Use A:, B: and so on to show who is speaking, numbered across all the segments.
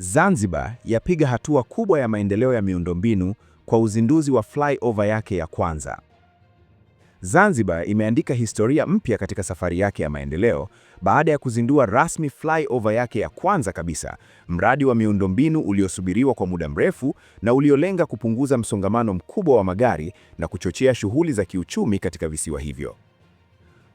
A: Zanzibar yapiga hatua kubwa ya maendeleo ya miundombinu kwa uzinduzi wa flyover yake ya kwanza. Zanzibar imeandika historia mpya katika safari yake ya maendeleo baada ya kuzindua rasmi flyover yake ya kwanza kabisa, mradi wa miundombinu uliosubiriwa kwa muda mrefu na uliolenga kupunguza msongamano mkubwa wa magari na kuchochea shughuli za kiuchumi katika visiwa hivyo.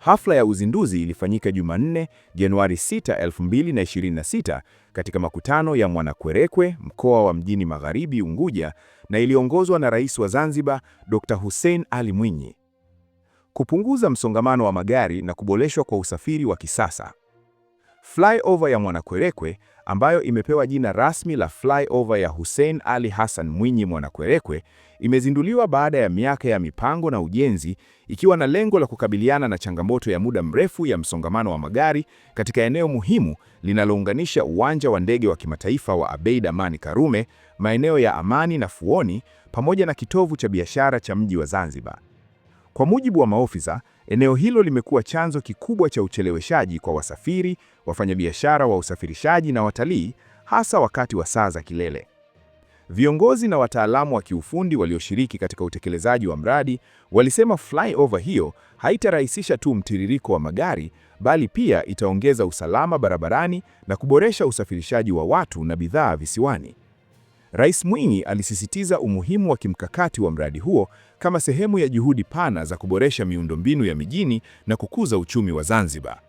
A: Hafla ya uzinduzi ilifanyika Jumanne, Januari 6, 2026 katika makutano ya Mwanakwerekwe, mkoa wa Mjini Magharibi Unguja, na iliongozwa na Rais wa Zanzibar, Dr. Hussein Ali Mwinyi. Kupunguza msongamano wa magari na kuboreshwa kwa usafiri wa kisasa. Flyover ya Mwanakwerekwe ambayo imepewa jina rasmi la Flyover ya Hussein Ali Hassan Mwinyi Mwanakwerekwe Imezinduliwa baada ya miaka ya mipango na ujenzi, ikiwa na lengo la kukabiliana na changamoto ya muda mrefu ya msongamano wa magari katika eneo muhimu linalounganisha uwanja wa ndege wa kimataifa wa Abeid Amani Karume, maeneo ya Amani na Fuoni, pamoja na kitovu cha biashara cha mji wa Zanzibar. Kwa mujibu wa maofisa, eneo hilo limekuwa chanzo kikubwa cha ucheleweshaji kwa wasafiri, wafanyabiashara wa usafirishaji na watalii, hasa wakati wa saa za kilele. Viongozi na wataalamu wa kiufundi walioshiriki katika utekelezaji wa mradi walisema flyover hiyo haitarahisisha tu mtiririko wa magari, bali pia itaongeza usalama barabarani na kuboresha usafirishaji wa watu na bidhaa visiwani. Rais Mwinyi alisisitiza umuhimu wa kimkakati wa mradi huo kama sehemu ya juhudi pana za kuboresha miundombinu ya mijini na kukuza uchumi wa Zanzibar.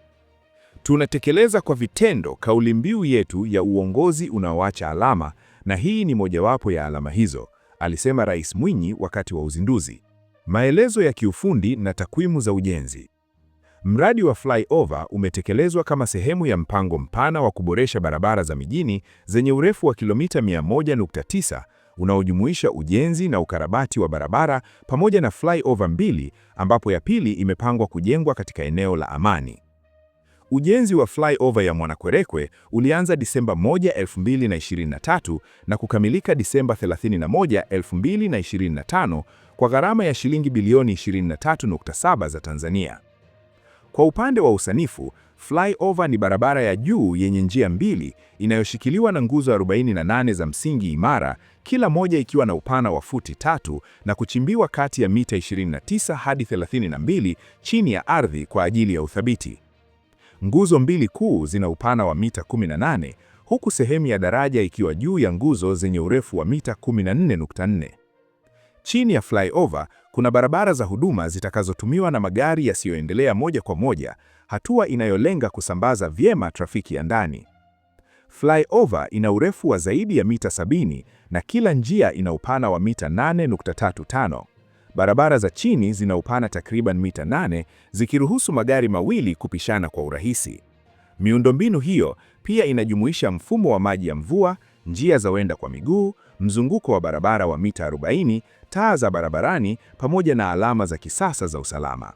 A: Tunatekeleza kwa vitendo kauli mbiu yetu ya uongozi unaoacha alama na hii ni mojawapo ya alama hizo, alisema Rais Mwinyi wakati wa uzinduzi. Maelezo ya kiufundi na takwimu za ujenzi. Mradi wa flyover umetekelezwa kama sehemu ya mpango mpana wa kuboresha barabara za mijini zenye urefu wa kilomita 100.9 unaojumuisha ujenzi na ukarabati wa barabara pamoja na flyover mbili ambapo ya pili imepangwa kujengwa katika eneo la Amani. Ujenzi wa flyover ya Mwanakwerekwe ulianza Disemba 1, 2023 na kukamilika Disemba 31, 2025 kwa gharama ya shilingi bilioni 23.7 za Tanzania. Kwa upande wa usanifu, flyover ni barabara ya juu yenye njia mbili inayoshikiliwa na nguzo 48 za msingi imara, kila moja ikiwa na upana wa futi tatu na kuchimbiwa kati ya mita 29 hadi 32 chini ya ardhi kwa ajili ya uthabiti. Nguzo mbili kuu zina upana wa mita 18 huku sehemu ya daraja ikiwa juu ya nguzo zenye urefu wa mita 14.4. Chini ya flyover kuna barabara za huduma zitakazotumiwa na magari yasiyoendelea moja kwa moja, hatua inayolenga kusambaza vyema trafiki ya ndani. Flyover ina urefu wa zaidi ya mita 70 na kila njia ina upana wa mita 8.35. Barabara za chini zina upana takriban mita nane, zikiruhusu magari mawili kupishana kwa urahisi. Miundombinu hiyo pia inajumuisha mfumo wa maji ya mvua, njia za wenda kwa miguu, mzunguko wa barabara wa mita 40, taa za barabarani pamoja na alama za kisasa za usalama.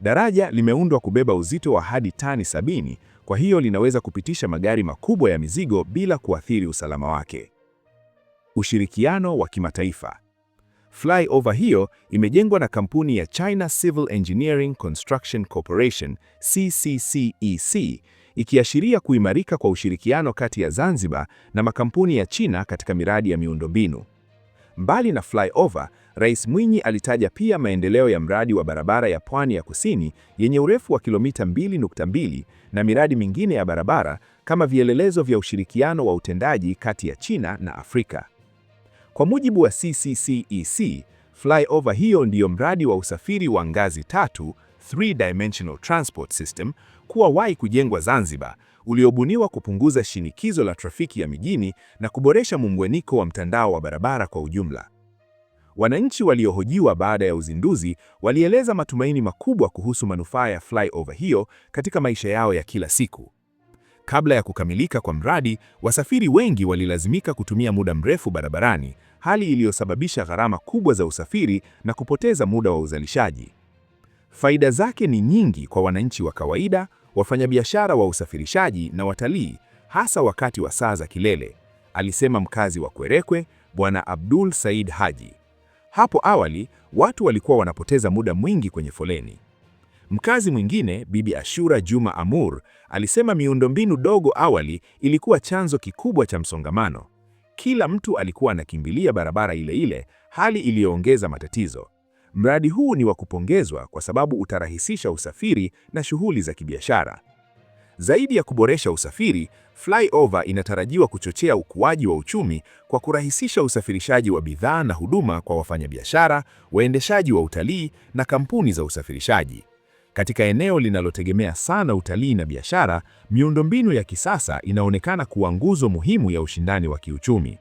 A: Daraja limeundwa kubeba uzito wa hadi tani sabini, kwa hiyo linaweza kupitisha magari makubwa ya mizigo bila kuathiri usalama wake. Ushirikiano wa kimataifa. Flyover hiyo imejengwa na kampuni ya China Civil Engineering Construction Corporation CCCEC, e ikiashiria kuimarika kwa ushirikiano kati ya Zanzibar na makampuni ya China katika miradi ya miundombinu. Mbali na flyover, Rais Mwinyi alitaja pia maendeleo ya mradi wa barabara ya Pwani ya Kusini yenye urefu wa kilomita 2.2 na miradi mingine ya barabara kama vielelezo vya ushirikiano wa utendaji kati ya China na Afrika. Kwa mujibu wa CCCEC, e flyover hiyo ndiyo mradi wa usafiri wa ngazi tatu, three dimensional transport system, kuwahi kujengwa Zanzibar, uliobuniwa kupunguza shinikizo la trafiki ya mijini na kuboresha mumbweniko wa mtandao wa barabara kwa ujumla. Wananchi waliohojiwa baada ya uzinduzi walieleza matumaini makubwa kuhusu manufaa ya flyover hiyo katika maisha yao ya kila siku. Kabla ya kukamilika kwa mradi, wasafiri wengi walilazimika kutumia muda mrefu barabarani, hali iliyosababisha gharama kubwa za usafiri na kupoteza muda wa uzalishaji. Faida zake ni nyingi kwa wananchi wa kawaida, wafanyabiashara wa usafirishaji na watalii, hasa wakati wa saa za kilele, alisema mkazi wa Kwerekwe, Bwana Abdul Said Haji. Hapo awali, watu walikuwa wanapoteza muda mwingi kwenye foleni. Mkazi mwingine, Bibi Ashura Juma Amur, alisema miundombinu dogo awali ilikuwa chanzo kikubwa cha msongamano. Kila mtu alikuwa anakimbilia barabara ile ile, hali iliyoongeza matatizo. Mradi huu ni wa kupongezwa kwa sababu utarahisisha usafiri na shughuli za kibiashara. Zaidi ya kuboresha usafiri, flyover inatarajiwa kuchochea ukuaji wa uchumi kwa kurahisisha usafirishaji wa bidhaa na huduma kwa wafanyabiashara, waendeshaji wa utalii na kampuni za usafirishaji. Katika eneo linalotegemea sana utalii na biashara, miundombinu ya kisasa inaonekana kuwa nguzo muhimu ya ushindani wa kiuchumi.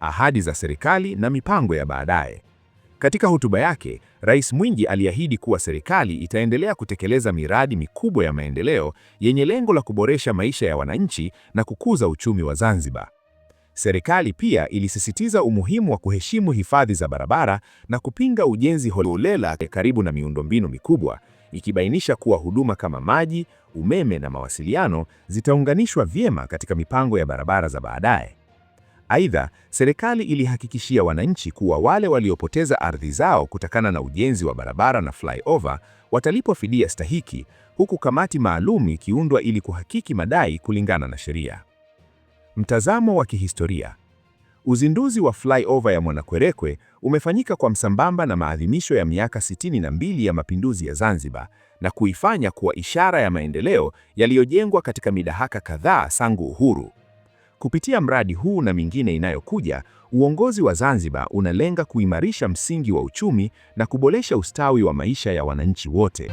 A: Ahadi za serikali na mipango ya baadaye. Katika hotuba yake, Rais Mwinyi aliahidi kuwa serikali itaendelea kutekeleza miradi mikubwa ya maendeleo yenye lengo la kuboresha maisha ya wananchi na kukuza uchumi wa Zanzibar. Serikali pia ilisisitiza umuhimu wa kuheshimu hifadhi za barabara na kupinga ujenzi holela karibu na miundombinu mikubwa ikibainisha kuwa huduma kama maji, umeme na mawasiliano zitaunganishwa vyema katika mipango ya barabara za baadaye. Aidha, serikali ilihakikishia wananchi kuwa wale waliopoteza ardhi zao kutokana na ujenzi wa barabara na flyover watalipwa fidia stahiki, huku kamati maalum ikiundwa ili kuhakiki madai kulingana na sheria. Mtazamo wa kihistoria. Uzinduzi wa flyover ya Mwanakwerekwe umefanyika kwa msambamba na maadhimisho ya miaka 62 ya mapinduzi ya Zanzibar na kuifanya kuwa ishara ya maendeleo yaliyojengwa katika midahaka kadhaa sangu uhuru. Kupitia mradi huu na mingine inayokuja, uongozi wa Zanzibar unalenga kuimarisha msingi wa uchumi na kuboresha ustawi wa maisha ya wananchi wote.